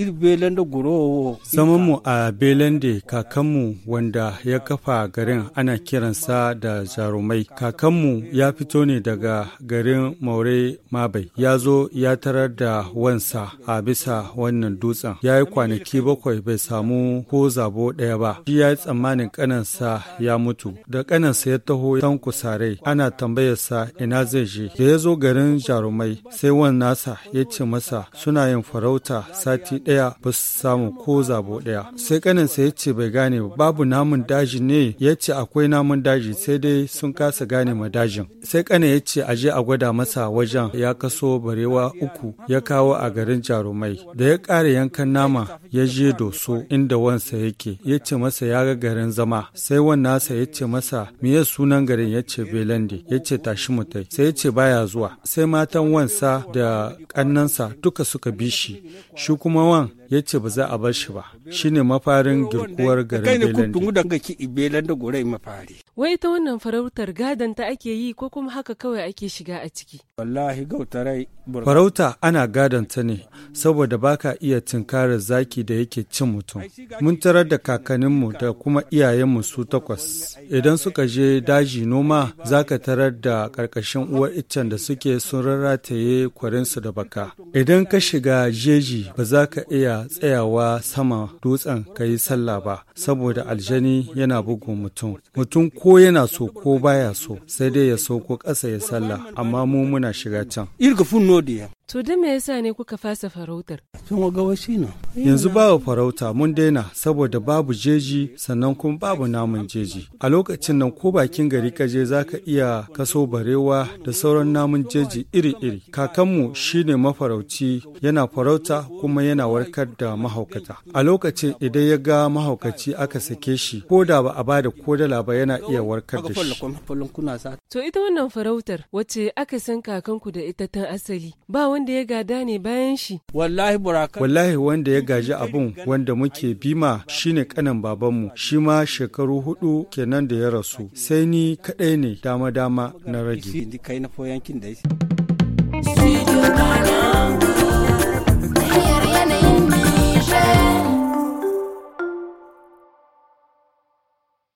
ir da gurowo zamanmu a belende kakanmu wanda ya kafa garin ana kiransa da jarumai kakanmu ya fito ne daga garin maure mabai ya zo ya tarar da wansa a bisa wannan dutsen ya yi kwanaki bakwai bai samu ko zabo ɗaya ba shi ya yi tsammanin kanansa ya mutu da kanansa ya taho yan kusarai. ana tambayarsa ina zai je da ya zo garin jarumai sai wan nasa ya ce masa suna yin farauta sati ɗaya ba su samu ko zabo ɗaya sai ƙaninsa ya ce bai gane ba babu namun daji ne ya ce akwai namun daji sai dai sun kasa gane ma dajin sai kane ya ce aje a gwada masa wajen ya kaso barewa uku ya kawo a garin jarumai da ya ƙara yankan nama ya je doso inda wansa yake ya ce masa ya ga garin zama sai wannasa ya ce masa miye sunan garin ya ce belande ya ce tashi mutai sai ya ce baya zuwa sai matan wansa da ƙannansa duka suka bi shi shi kuma wan 1 ya ce ba za a bar shi ba Shi ne mafarin girkuwar garin Belande. Wai ta wannan farautar gadon ake yi ko kuma haka kawai ake shiga a ciki. Farauta ana gadon ta ne saboda baka iya tinkarar zaki da yake cin mutum. Mun tarar da kakanninmu da kuma iyayenmu su takwas. Idan suka je daji noma zaka tarar da karkashin uwar iccen da suke sun rarrataye kwarinsu da baka. Idan ka shiga jeji ba za ka iya tsayawa sama dutsen ka yi sallah ba saboda aljani yana bugun mutum mutum ko yana so ko baya so sai dai ya sauko ƙasa ya sallah amma mu muna shiga can To da me yasa ne kuka fasa farautar? sun ga shi Yanzu babu farauta mun daina saboda babu jeji sannan kuma babu namun jeji. A lokacin nan ko bakin gari kaje za ka iya kaso barewa da sauran namun jeji iri-iri. Kakanmu shine mafarauci yana farauta kuma yana warkar da mahaukata. A lokacin idan ya ga mahaukaci aka sake shi ko da ba a bada ko ba yana iya warkar da shi. To ita wannan farautar wacce aka san kakanku da ita tun asali ba wanda ya gada ne bayan shi. Wallahi wallahi wanda ya gaji abun wanda muke bima shine kanan babanmu shi ma shekaru hudu kenan da ya rasu sai ni kadai ne dama dama na rage